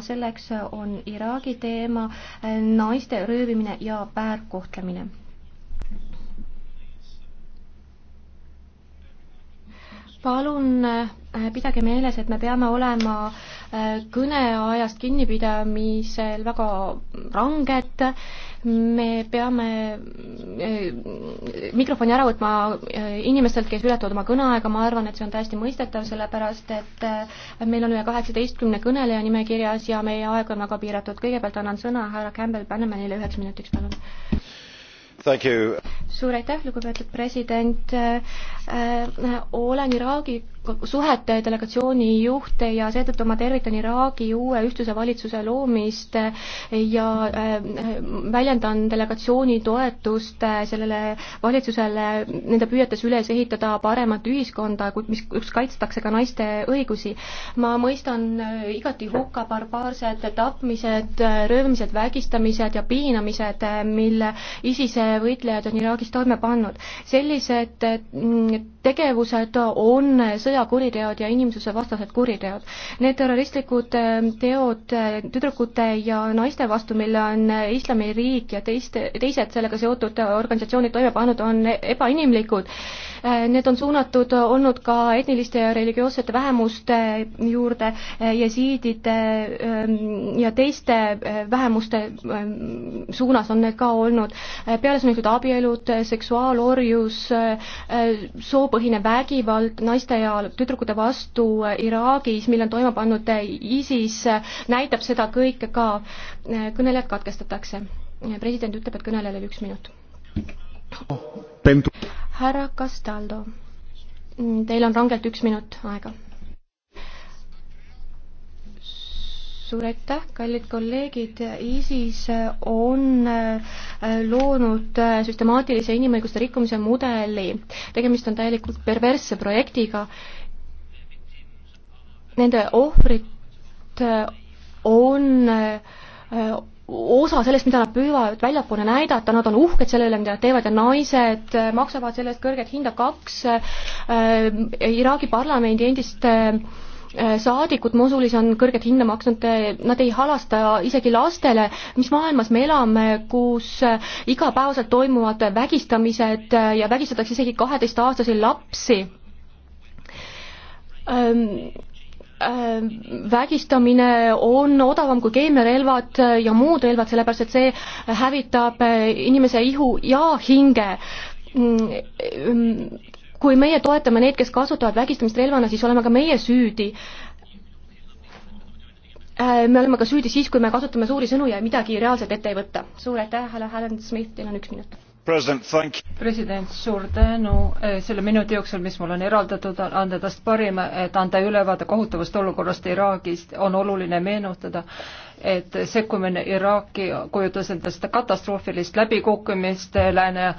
selleks on Iraagi teema, äh, naiste röövimine ja väärkohtlemine. palun äh, pidage meeles, et me peame olema äh, kõneajast kinnipidamisel väga ranged me peame eh, mikrofoni ära võtma eh, inimestelt, kes ületavad oma kõneaega, ma arvan, et see on täiesti mõistetav, sellepärast et eh, meil on üle kaheksateistkümne kõneleja nimekirjas ja meie aeg on väga piiratud. kõigepealt annan sõna härra Campbell Bannemanile üheks minutiks, palun suur aitäh, lugupeetud president äh,. olen Iraagi suhete delegatsiooni juhte ja seetõttu ma tervitan Iraagi uue ühtsuse valitsuse loomist ja äh, väljendan delegatsiooni toetust äh, sellele valitsusele nende püüetes üles ehitada paremat ühiskonda, mis, kus kaitstakse ka naiste õigusi. ma mõistan äh, igati hukka barbaarsed tapmised, röövimised, vägistamised ja piinamised, mille ISISe võitlejad on Iraagis toime pannud. sellised tegevused on sõja sõjakuriteod ja inimsusevastased kuriteod. Need terroristlikud äh, teod äh, tüdrukute ja naiste vastu, mille on äh, Islamiriik ja teiste, teised sellega seotud organisatsioonid toime pannud, on ebainimlikud. Need on suunatud olnud ka etniliste ja religioossete vähemuste juurde, jesiidide ähm, ja teiste vähemuste ähm, suunas on need ka olnud. pealesunnitud abielud, seksuaalorjus, soopõhine vägivald naiste ja tüdrukute vastu Iraagis, mille on toime pannud ISIS, näitab seda kõike ka. Eh, kõnelejad katkestatakse. president ütleb, et kõnelejal oli üks minut. härra Castaldo, teil on rangelt üks minut aega suur aitäh, kallid kolleegid, ISIS on äh, loonud äh, süstemaatilise inimõiguste rikkumise mudeli. tegemist on täielikult perversse projektiga. Nende ohvrid äh, on osa sellest, mida nad püüavad väljapoole näidata, nad on uhked selle üle, mida nad teevad ja naised maksavad selle eest kõrget hinda. kaks äh, Iraagi parlamendi endist äh, Äh, saadikud Mosulis on kõrget hinda maksnud, nad ei halasta isegi lastele, mis maailmas me elame, kus äh, igapäevaselt toimuvad vägistamised äh, ja vägistatakse isegi kaheteistaastasi lapsi ähm, ähm, vägistamine on odavam kui keemiarelvad ja muud relvad, sellepärast et see hävitab inimese ihu ja hinge mm, mm, kui meie toetame neid, kes kasutavad vägistamist relvana, siis oleme ka meie süüdi. Äh, me oleme ka süüdi siis, kui me kasutame suuri sõnu ja midagi reaalselt ette ei võta. suur aitäh, härra Helen Smith, teil on üks minut president, president, suur tänu äh, selle minuti jooksul, mis mulle on eraldatud, anda tast parima, et anda ülevaade kohutavast olukorrast Iraagis, on oluline meenutada, et sekkumine Iraaki kujutas endast katastroofilist läbikukkumist lääne äh,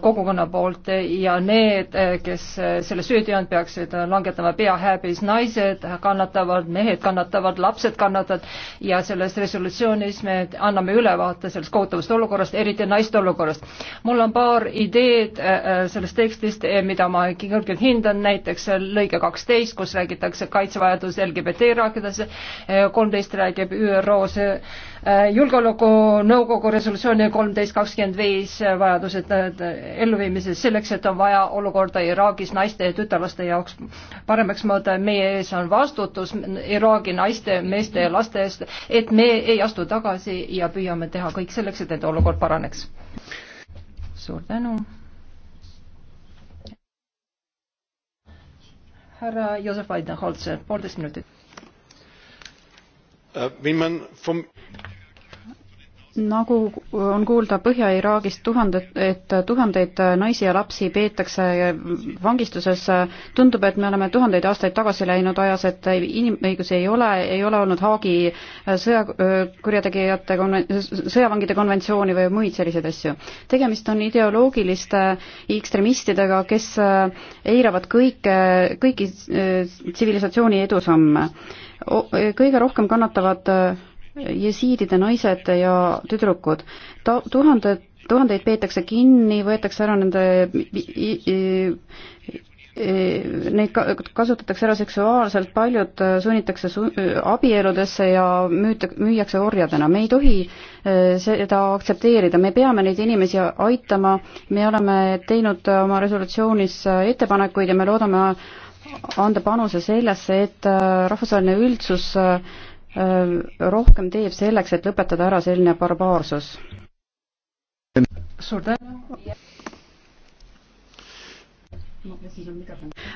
kogukonna poolt ja need, äh, kes äh, selle süüdi on, peaksid langetama pea häbis, naised kannatavad, mehed kannatavad, lapsed kannatavad ja selles resolutsioonis me anname ülevaate sellest kohutavast olukorrast, eriti naiste olukorrast. mul on paar ideed sellest tekstist, mida ma kõrgelt hindan, näiteks lõige kaksteist, kus räägitakse kaitsevajadus LGBT rakendus, kolmteist räägib ÜRO seoses äh, Julgeolekunõukogu resolutsiooni kolmteist kakskümmend viis äh, vajadused äh, elluviimises selleks, et on vaja olukorda Iraagis naiste ja tütarlaste jaoks paremaks mõõda. meie ees on vastutus Iraagi naiste, meeste ja laste eest, et me ei astu tagasi ja püüame teha kõik selleks, et nende olukord paraneks. suur tänu. härra Josef Weidenholzer, poolteist minutit Äh, nagu on kuulda Põhja-Iraagist tuhanded, et tuhandeid naisi ja lapsi peetakse vangistuses, tundub, et me oleme tuhandeid aastaid tagasi läinud ajas, et inimõigusi ei ole, ei ole olnud Haagi sõjakurjategijate konven-, sõjavangide konventsiooni või muid selliseid asju. tegemist on ideoloogiliste ekstremistidega, kes eiravad kõike, kõiki äh, tsivilisatsiooni edusamme kõige rohkem kannatavad äh, jesiidide naised ja tüdrukud. ta-, tuhanded, tuhandeid peetakse kinni, võetakse ära nende Neid kasutatakse ära seksuaalselt, paljud äh, sunnitakse su abieludesse ja müüta-, müüakse orjadena. me ei tohi äh, seda aktsepteerida, me peame neid inimesi aitama, me oleme teinud oma resolutsioonis ettepanekuid ja me loodame anda panuse sellesse, et äh, rahvusvaheline üldsus äh, äh, rohkem teeb selleks, et lõpetada ära selline barbaarsus? suur tänu.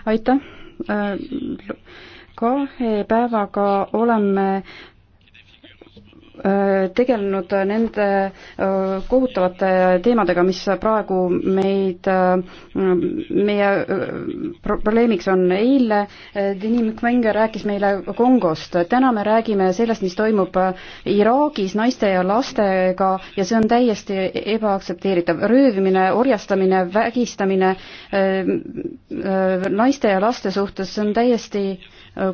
aitäh. kahe päevaga oleme Äh, tegelenud nende äh, kohutavate teemadega, mis praegu meid, äh, meie probleemiks on. eile Denim Kwenge rääkis meile Kongost, täna me räägime sellest, mis toimub Iraagis naiste ja lastega ja see on täiesti ebaaktsepteeritav. röövimine, orjastamine, vägistamine naiste ja laste suhtes, see on täiesti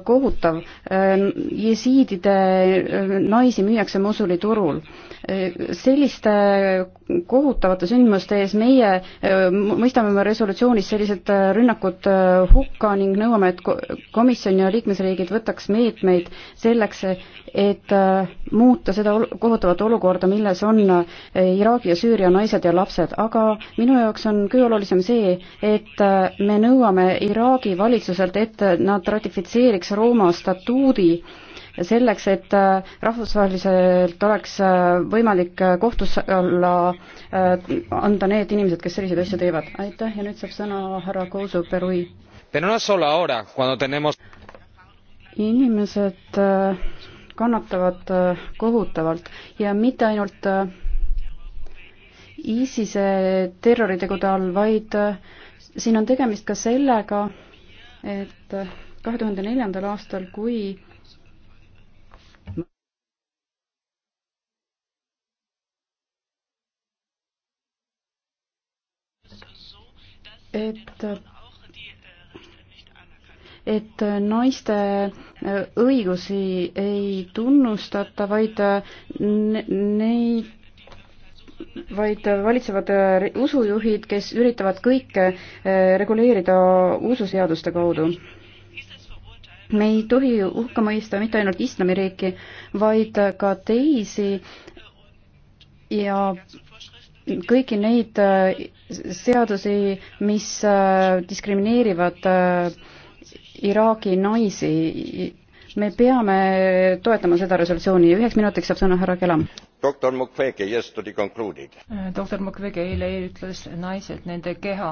kohutav. jesiidide naisi müüakse müüakse Mosuli turul. selliste kohutavate sündmuste ees meie eh, mõistame oma resolutsioonis sellised eh, rünnakud eh, hukka ning nõuame, et komisjon ja liikmesriigid võtaks meetmeid selleks, et muuta seda kohutavat olukorda, milles on Iraagi ja Süüria naised ja lapsed, aga minu jaoks on kõige olulisem see, et me nõuame Iraagi valitsuselt, et nad ratifitseeriks Rooma statuudi, selleks, et äh, rahvusvaheliselt oleks äh, võimalik äh, kohtusse alla anda need inimesed, kes selliseid asju teevad. aitäh ja nüüd saab sõna härra Kousu Perui. inimesed kannatavad kohutavalt ja mitte ainult ISISe terroritegude all, vaid siin on tegemist ka sellega, et kahe tuhande neljandal aastal, kui et et naiste õigusi ei tunnustata, vaid neid vaid valitsevad usujuhid, kes üritavad kõike eh, reguleerida ususeaduste kaudu. me ei tohi hukka mõista mitte ainult islamiriiki, vaid ka teisi ja kõiki neid eh, seadusi, mis äh, diskrimineerivad äh, Iraagi naisi. me peame toetama seda resolutsiooni ja üheks minutiks saab sõna härra Kelam. doktor Mukwege yesterday concluded. Äh, doktor Mukwege eile ütles naised, nende keha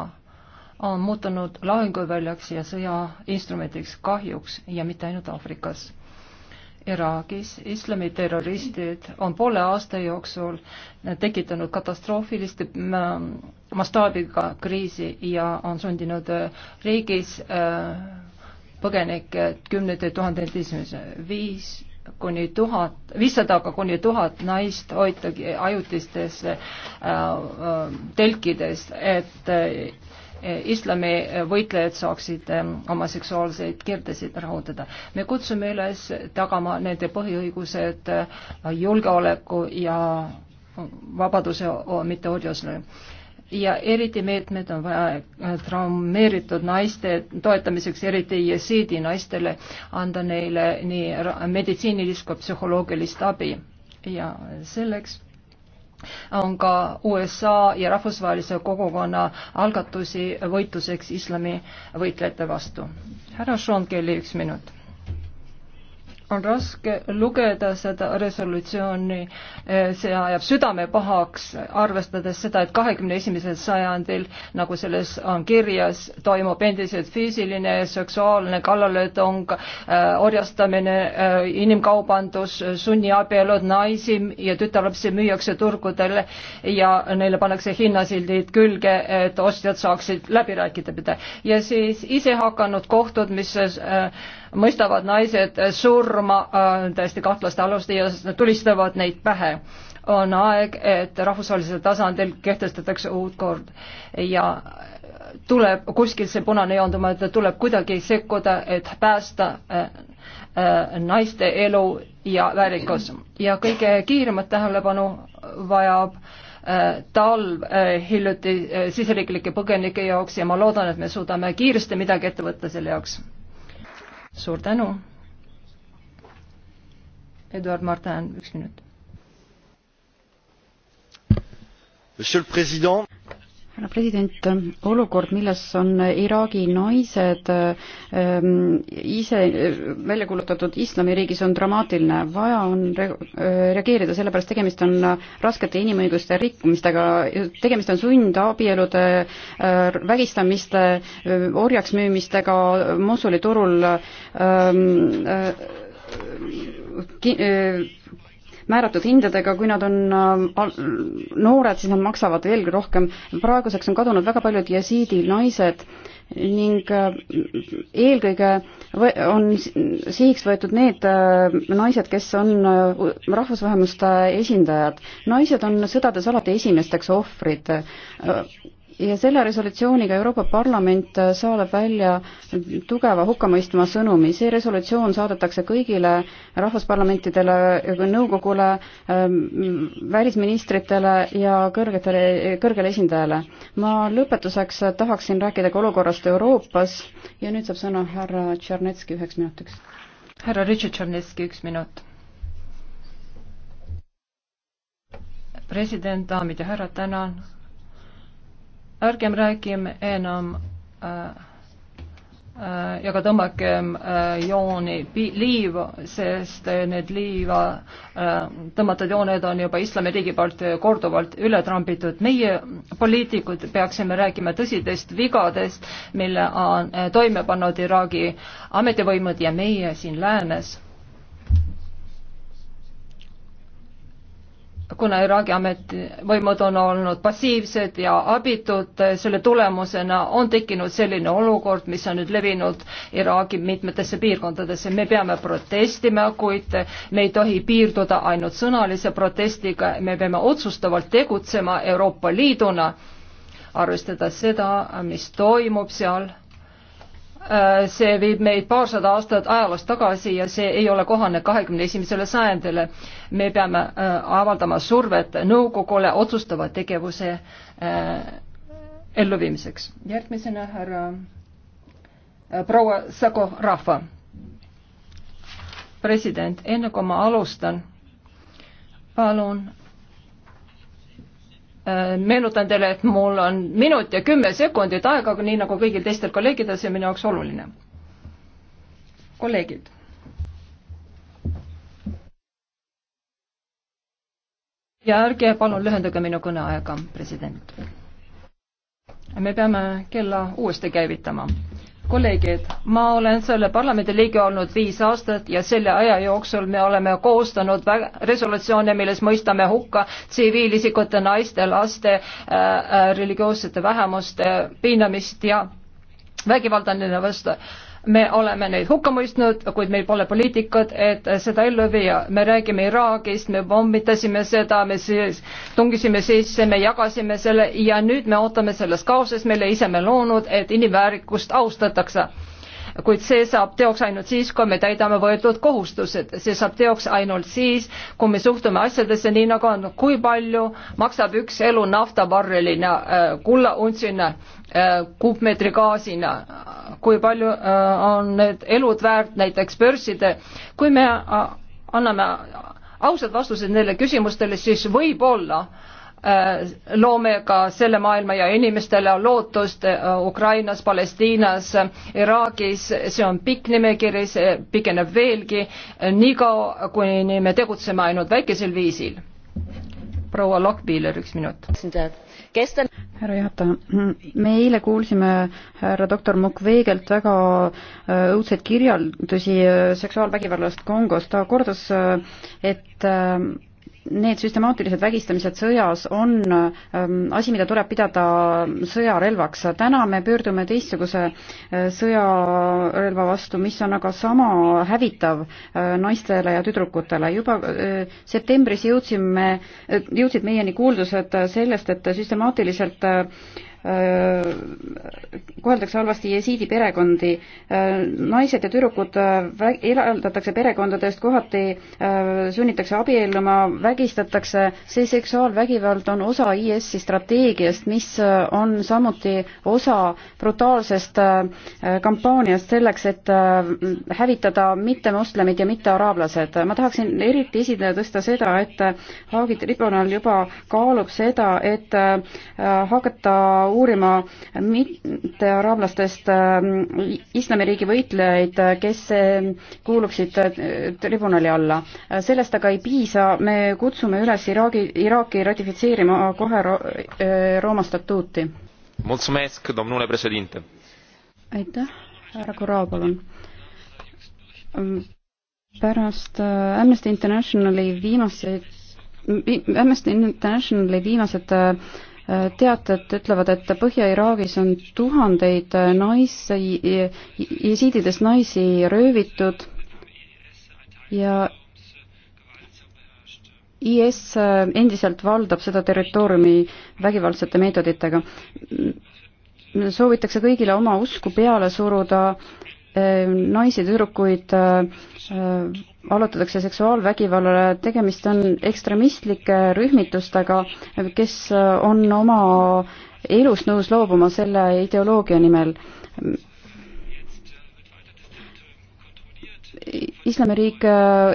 on muutunud lahinguväljaks ja sõjainstrumendiks kahjuks ja mitte ainult Aafrikas Iraagis. islamiterroristid on poole aasta jooksul tekitanud katastroofiliste ähm, mastaabiga kriisi ja on sundinud äh, riigis äh, põgenikke kümnete tuhandete esimese viis kuni tuhat, viissada kuni tuhat naist hoitagi ajutistes äh, äh telkides, et islami võitlejad saaksid ehm, oma seksuaalseid kirdesid rahuldada. me kutsume üles tagama nende põhiõigused eh, julgeoleku ja vabaduse mitte odjusele. ja eriti meetmed on vaja eh, traumeeritud naiste toetamiseks, eriti jesiidi naistele, anda neile nii meditsiinilist kui psühholoogilist abi ja selleks on ka USA ja rahvusvahelise kogukonna algatusi võitluseks islami võitlejate vastu. härra Sean Kelly, üks minut on raske lugeda seda resolutsiooni, see ajab südame pahaks, arvestades seda, et kahekümne esimesel sajandil, nagu selles on kirjas, toimub endiselt füüsiline ja seksuaalne kallaletung, äh, orjastamine, äh, inimkaubandus, sunniabielud, naisi ja tütarlapsi müüakse turgudele ja neile pannakse hinnasildid külge, et ostjad saaksid läbi rääkida. ja siis isehakanud kohtud, mis äh, mõistavad naised surma, surma äh, täiesti kahtlaste aluste ja nad tulistavad neid pähe. on aeg, et rahvusvahelisel tasandil kehtestatakse uut kord ja tuleb kuskilt see punane joon tõmmata, tuleb kuidagi sekkuda, et päästa äh, äh, naiste elu ja väärikus. ja kõige kiiremat tähelepanu vajab talv hiljuti siseriiklike põgenike jaoks ja ma loodan, et me suudame kiiresti midagi ette võtta selle jaoks. suur tänu! Eduard Martin, üks minut. härra president, olukord, milles on Iraagi naised ähm, ise äh, välja kuulutatud islamiriigis, on dramaatiline. vaja on re äh, reageerida, sellepärast tegemist on raskete inimõiguste rikkumistega, tegemist on sundabielude äh, vägistamiste äh,, orjaks müümistega Mosuli turul ähm, äh, määratud hindadega, kui nad on äh, noored, siis nad maksavad veelgi rohkem. praeguseks on kadunud väga paljud jesiidi naised ning äh, eelkõige on sihiks võetud need äh, naised, kes on rahvusvähemuste esindajad. naised on sõdades alati esimesteks ohvrid ja selle resolutsiooniga Euroopa Parlament saalab välja tugeva hukkamõistma sõnumi. see resolutsioon saadetakse kõigile rahvusparlamentidele, nõukogule, ähm, välisministritele ja kõrgetele, kõrgele esindajale. ma lõpetuseks tahaksin rääkida ka olukorrast Euroopas ja nüüd saab sõna härra Tšernetski üheks minutiks. härra Richard Tšernetski, üks minut president, daamid ja härrad, tänan ärgem räägime enam äh, äh, ja ka tõmmakem äh, jooni liiva, sest äh, need liiva tõmmatud jooned on juba Islamiriigi poolt korduvalt üle trambitud. meie poliitikud peaksime rääkima tõsidest vigadest, mille on toime pannud Iraagi ametivõimud ja meie siin läänes kuna Iraagi ametivõimud on olnud passiivsed ja abitud, selle tulemusena on tekkinud selline olukord, mis on nüüd levinud Iraagi mitmetesse piirkondadesse. me peame protestima, kuid me ei tohi piirduda ainult sõnalise protestiga, me peame otsustavalt tegutsema Euroopa Liiduna, arvestades seda, mis toimub seal Äh, see viib meid paarsada aastat ajaloos tagasi ja see ei ole kohane kahekümne esimesele sajandile. me peame äh, avaldama survet nõukogule otsustava tegevuse äh, elluviimiseks. järgmisena härra proua Sakov Rahva. president, enne kui ma alustan, palun Äh, meenutan teile, et mul on minut ja kümme sekundit aega, nii nagu kõigil teistel kolleegidel, see on minu jaoks oluline. kolleegid. ja ärge palun lühendage minu kõneaega, president. me peame kella uuesti käivitama kolleegid, ma olen selle parlamendiliige olnud viis aastat ja selle aja jooksul me oleme koostanud resolutsioone, milles mõistame hukka tsiviilisikute, naiste, laste äh,, äh religioossete vähemuste piinamist ja vägivalda nende vastu me oleme neid hukka mõistnud, kuid meil pole poliitikat, et seda ellu viia. me räägime Iraagist, me pommitasime seda, me siis tungisime sisse, me jagasime selle ja nüüd me ootame selles kaoses, mille ise me loonud, et inimväärikust austatakse kuid see saab teoks ainult siis, kui me täidame võetud kohustused, see saab teoks ainult siis, kui me suhtume asjadesse nii, nagu on, kui palju maksab üks elu naftabarrelina, äh, kullauntsina, äh, kuupmeetri gaasina, kui palju äh, on need elud väärt näiteks börside, kui me anname ausad vastused neile küsimustele, siis võib-olla äh, Äh, loome ka selle maailma ja inimestele lootust äh, Ukrainas, Palestiinas, Iraagis, see on pikk nimekiri, see pikeneb veelgi, äh, niikaua kuni me tegutseme ainult väikesel viisil. proua Lokbiiler, üks minut. härra juhataja, me eile kuulsime härra doktor Mukwegelt väga õudseid kirjeldusi seksuaalvägivallast Kongos, ta kordas, et need süstemaatilised vägistamised sõjas on ähm, asi, mida tuleb pidada sõjarelvaks. täna me pöördume teistsuguse äh, sõjarelva vastu, mis on aga sama hävitav äh, naistele ja tüdrukutele. juba äh, septembris jõudsime, jõudsid meieni kuuldused sellest, et süstemaatiliselt Äh, koheldakse halvasti jesiidi perekondi. Äh, naised ja tüdrukud äh, eraldatakse perekondadest, kohati sunnitakse abielluma, vägistatakse. see seksuaalvägivald on osa IS-i strateegiast, mis on samuti osa brutaalsest kampaaniast selleks, et hävitada mittemoslemid ja mittearaablased. ma tahaksin eriti esile tõsta seda, et Haagi tribunal juba kaalub seda, et hakata uurima mitte araablastest äh, islamiriigi võitlejaid, äh, kes äh, kuuluksid tribunali alla. sellest aga ei piisa, me kutsume üles Iraagi, Iraaki ratifitseerima kohe Ro Rooma statuuti. aitäh, härra Kuraa, palun ähm, pärast Amnesty Internationali viimaseid Amnesty Internationali viimased teated ütlevad, et Põhja-Iraagis on tuhandeid naisi, jesiididest naisi röövitud ja IS endiselt valdab seda territooriumi vägivaldsete meetoditega. soovitakse kõigile oma usku peale suruda Äh, naisi, tüdrukuid äh, allutatakse seksuaalvägivallale, tegemist on ekstremistlike rühmitustega, kes äh, on oma elust nõus loobuma selle ideoloogia nimel. islamiriik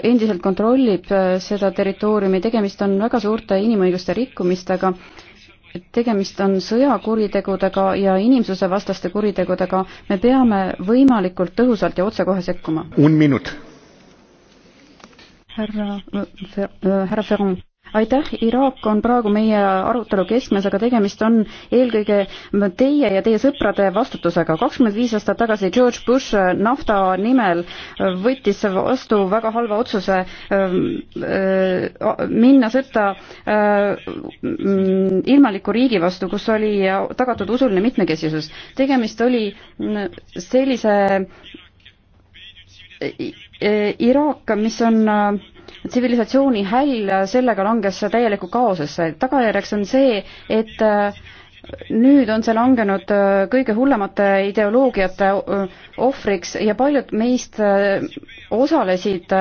endiselt kontrollib seda territooriumi, tegemist on väga suurte inimõiguste rikkumistega tegemist on sõjakuritegudega ja inimsusevastaste kuritegudega, me peame võimalikult tõhusalt ja otsekohe sekkuma. härra, äh, äh, härra Ferrand aitäh, Iraak on praegu meie arutelu keskmes, aga tegemist on eelkõige teie ja teie sõprade vastutusega. kakskümmend viis aastat tagasi George Bush nafta nimel võttis vastu väga halva otsuse ähm, äh, minna sõtta äh, ilmaliku riigi vastu, kus oli tagatud usuline mitmekesisus. tegemist oli mm, sellise äh, Iraak, mis on tsivilisatsiooni häll, sellega langes täielikku kaosesse. tagajärjeks on see, et äh, nüüd on see langenud äh, kõige hullemate ideoloogiate äh, ohvriks ja paljud meist äh, osalesid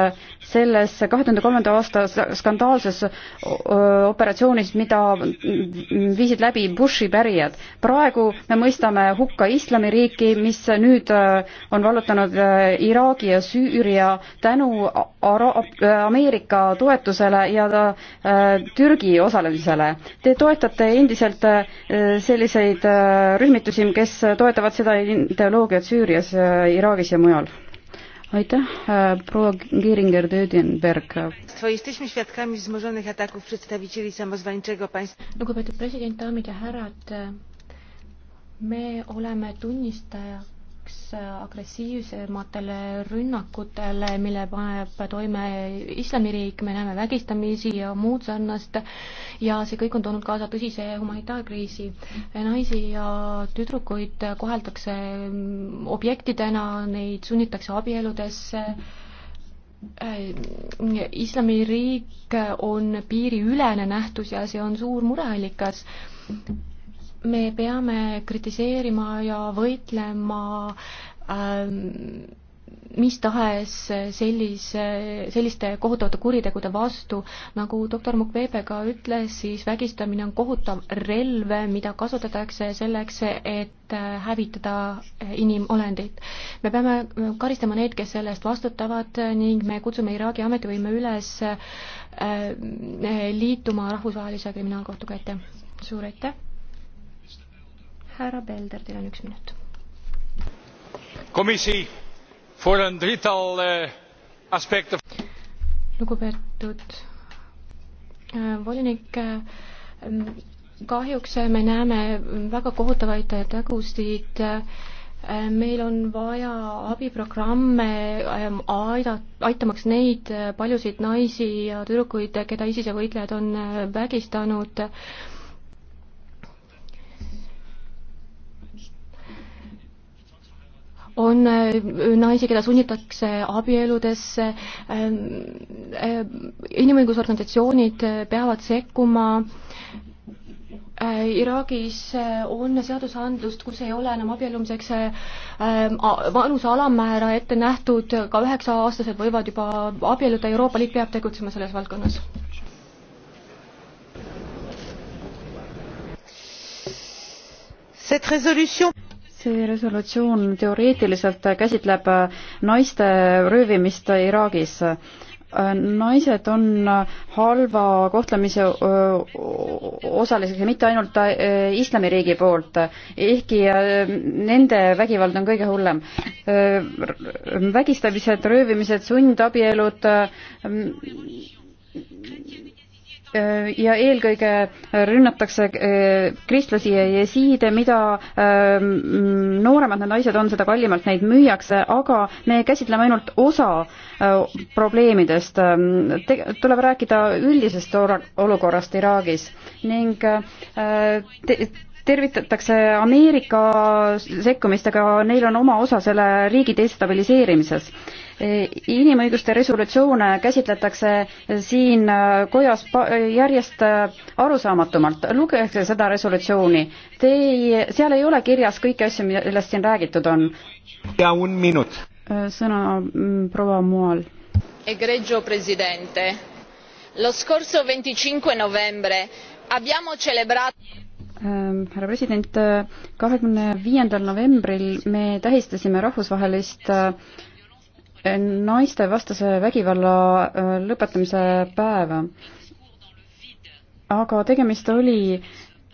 selles kahe tuhande kolmanda aasta skandaalses operatsioonis, mida viisid läbi Bushi pärijad. praegu me mõistame hukka islamiriiki, mis nüüd on vallutanud Iraagi ja Süüria tänu Ara-, Ameerika toetusele ja Türgi osalemisele. Te toetate endiselt selliseid äh, rühmitusi, kes toetavad seda ideoloogiat Süürias, äh, Iraagis ja mujal. aitäh, äh, proua Geringer-Tödenberg. lugupeetud president, daamid ja härrad, me oleme tunnistajaks reageeriks agressiivsematele rünnakutele, mille paneb toime Islamiriik, me näeme vägistamisi ja muud sarnast ja see kõik on toonud kaasa tõsise humanitaarkriisi. naisi ja tüdrukuid koheldakse objektidena, neid sunnitakse abieludesse islamiriik on piiriülene nähtus ja see on suur mureallikas me peame kritiseerima ja võitlema ähm, mis tahes sellise, selliste kohutavate kuritegude vastu, nagu doktor Mukwebe ka ütles, siis vägistamine on kohutav relv, mida kasutatakse selleks, et äh, hävitada äh, inimolendeid. me peame äh, karistama neid, kes selle eest vastutavad ning me kutsume Iraagi ametivõime üles liituma rahvusvahelise kriminaalkohtuga, aitäh! suur aitäh! härra Belder, teil on üks minut. komisjon, for on drital eh, aspekt. lugupeetud eh, volinik eh, kahjuks me näeme väga kohutavaid tegusid. meil on vaja abiprogramme aida, aitamaks neid paljusid naisi ja tüdrukuid, keda ISISe võitlejad on vägistanud on äh, naisi, keda sunnitakse abieludesse, ähm, äh, inimõigusorganisatsioonid äh, peavad sekkuma, Iraagis on seadusandlust, kus ei ole enam abiellumiseks ähm, vanuse alammäära ette nähtud, ka üheksa-aastased võivad juba abielluda, Euroopa Liit peab tegutsema selles valdkonnas. Cette résolution see resolutsioon teoreetiliselt käsitleb naiste röövimist Iraagis. naised on halva kohtlemise osaliseks ja mitte ainult äh, islamiriigi poolt, ehkki äh, nende vägivald on kõige hullem. Äh, vägistamised, röövimised, sundabielud Äh, ja eelkõige äh, rünnatakse äh, kristlasi ja jesiide, mida ähm, nooremad need naised on, seda kallimalt neid müüakse, aga me käsitleme ainult osa probleemidest. Ähm, tuleb rääkida üldisest olukorrast Iraagis ning tervitatakse Ameerika sekkumistega, neil on oma osa selle riigi destabiliseerimises inimõiguste resolutsioone käsitletakse siin kojas järjest arusaamatumalt. lugege seda resolutsiooni. Te ei, seal ei ole kirjas kõiki asju, millest siin räägitud on. ja un minut. sõna mm, proua Moal. Egregio presidente, lo scorso venticinque novembre abbiamo celebrato ähm, härra president, kahekümne viiendal novembril me tähistasime rahvusvahelist äh, naistevastase vägivalla äh, lõpetamise päeva. aga tegemist oli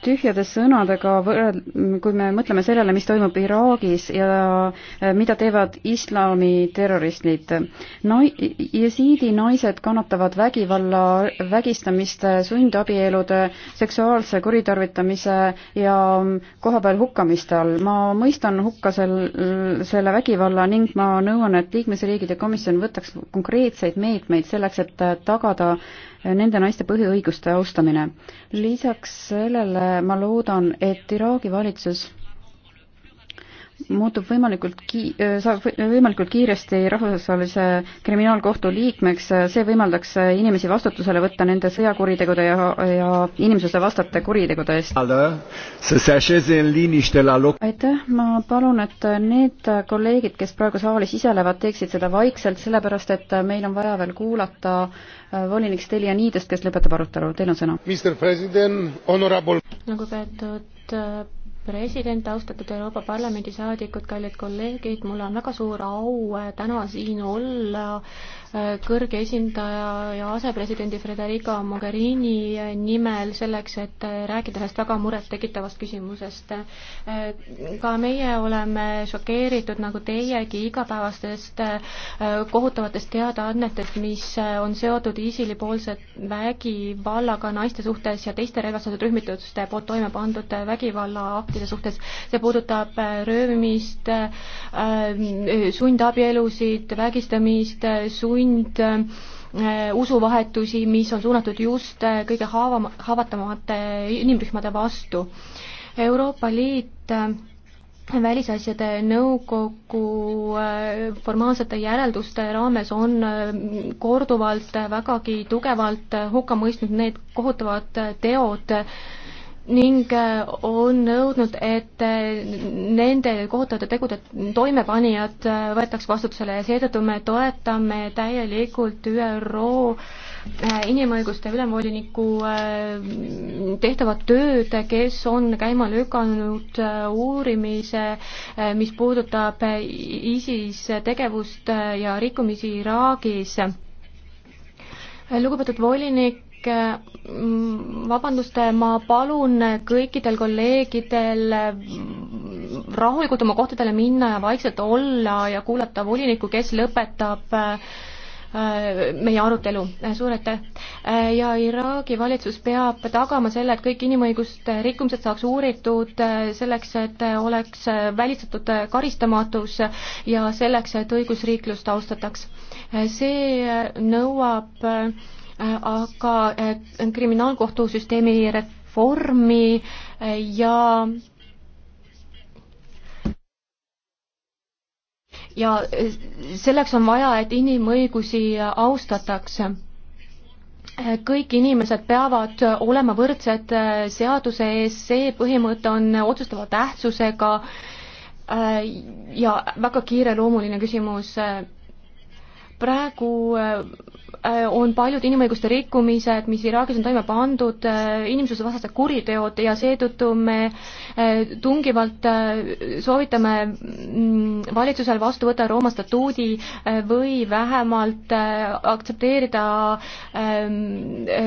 tühjade sõnadega võrreld-, kui me mõtleme sellele, mis toimub Iraagis ja äh, mida teevad islami terroristid. Nai-, jesiidi naised kannatavad vägivalla, vägistamiste, sundabielude, seksuaalse kuritarvitamise ja mm, kohapeal hukkamiste all. ma mõistan hukka sel-, selle vägivalla ning ma nõuan, et liikmesriigid ja komisjon võtaks konkreetseid meetmeid selleks, et äh, tagada nende naiste põhiõiguste austamine. lisaks sellele ma loodan, et Iraagi valitsus muutub võimalikult ki-, äh, saab võimalikult kiiresti rahvusvahelise kriminaalkohtu liikmeks, see võimaldaks äh, inimesi vastutusele võtta nende sõjakuritegude ja, ja inimsuse vastaste kuritegude eest. aitäh, ma palun, et äh, need kolleegid, kes praegu saali sisenevad, teeksid seda vaikselt, sellepärast et meil on vaja veel kuulata volinik Stelianidest, kes lõpetab arutelu, teil on sõna. lugupeetud president, austatud Euroopa Parlamendi saadikud, kallid kolleegid, mul on väga suur au äh, täna siin olla kõrge esindaja ja asepresidendi Frederica Mogherini nimel selleks, et rääkida ühest väga murettekitavast küsimusest. ka meie oleme šokeeritud nagu teiegi igapäevastest äh, kohutavatest teadaannetest, mis äh, on seotud ISIL-i poolse vägivallaga naiste suhtes ja teiste relvastatud rühmituste poolt toime pandud vägivallaaktide suhtes. see puudutab äh, röövimist, sundabielusid, vägistamist, sund tund äh, usuvahetusi, mis on suunatud just äh, kõige haava, haavatavamate inimrühmade vastu. Euroopa Liit äh, välisasjade nõukogu formaalsete järelduste raames on korduvalt vägagi tugevalt hukka mõistnud need kohutavad teod, ning äh, on nõudnud, et äh, nende kohutavate tegude toimepanijad äh, võetaks vastutusele ja seetõttu me toetame täielikult ÜRO inimõiguste ülemvoliniku tehtavat tööd, kes on käima lükanud uurimise, mis puudutab ISIS tegevust ja rikkumisi Iraagis. lugupeetud volinik, Äh, vabandust, äh, ma palun kõikidel kolleegidel äh, rahulikult oma kohtadele minna ja vaikselt olla ja kuulata volinikku, kes lõpetab meie arutelu, suur aitäh. ja Iraagi valitsus peab tagama selle, et kõik inimõiguste rikkumised saaks uuritud selleks, et oleks välistatud karistamatus ja selleks, et õigusriiklust austataks. see nõuab aga eh, kriminaalkohtusüsteemi reformi eh, ja ja eh, selleks on vaja, et inimõigusi austatakse. kõik inimesed peavad olema võrdsed seaduse ees, see põhimõte on otsustava tähtsusega ja väga kiireloomuline küsimus praegu äh, on paljud inimõiguste rikkumised, mis Iraagis on toime pandud, äh, inimsusevastased kuriteod ja seetõttu me äh, tungivalt soovitame mm, valitsusel vastu võtta Rooma statuudi või vähemalt aktsepteerida ähm,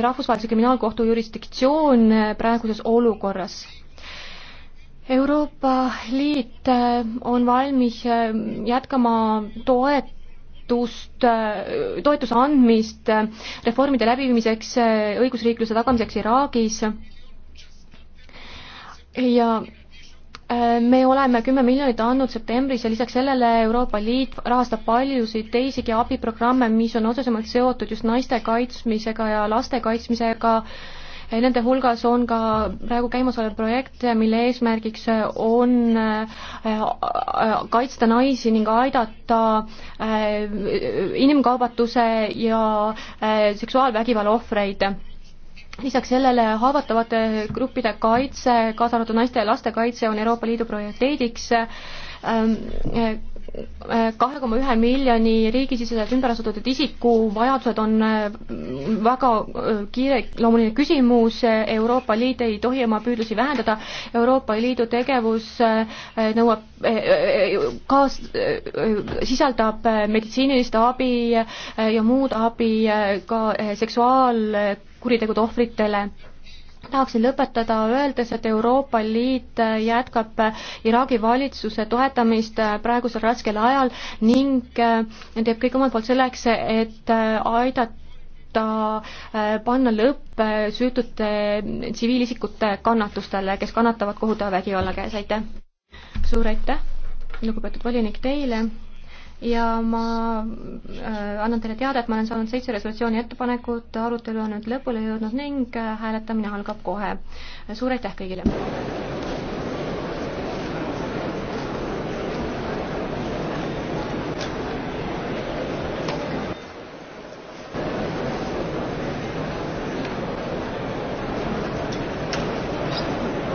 Rahvusvahelise Kriminaalkohtu jurisdiktsioon praeguses olukorras Euroopa Liit on valmis jätkama toet toetust, toetuse andmist reformide läbiviimiseks, õigusriikluse tagamiseks Iraagis. ja äh, me oleme kümme miljonit andnud septembris ja lisaks sellele Euroopa Liit rahastab paljusid teisigi abiprogramme, mis on otsesemalt seotud just naiste kaitsmisega ja laste kaitsmisega äh, Nende hulgas on ka praegu käimasolev projekt, mille eesmärgiks on äh, äh, kaitsta naisi ning aidata äh, inimkaubanduse ja seksuaalvägivalla ohvreid lisaks sellele haavatavate gruppide kaitse, kaasa arvatud naiste ja laste kaitse, on Euroopa Liidu prioriteediks ähm, kahe koma ühe miljoni riigisiseselt ümber asutatud isiku vajadused on äh, väga äh, kiire loomuline küsimus, Euroopa Liit ei tohi oma püüdlusi vähendada, Euroopa Liidu tegevus äh, nõuab, kaas-, sisaldab meditsiinilist abi ja muud abi ka seksuaalkuritegude ohvritele tahaksin lõpetada öeldes, et Euroopa Liit jätkab Iraagi valitsuse toetamist praegusel raskel ajal ning äh, teeb kõik omalt poolt selleks, et äh, aidata äh, panna lõpp süütute tsiviilisikute kannatustele, kes kannatavad kohutava vägivalla käes, aitäh! suur aitäh, lugupeetud volinik, teile! ja ma äh, annan teile teada, et ma olen saanud seitse resolutsiooni ettepanekut, arutelu on nüüd lõpule jõudnud ning äh, hääletamine algab kohe. suur aitäh kõigile!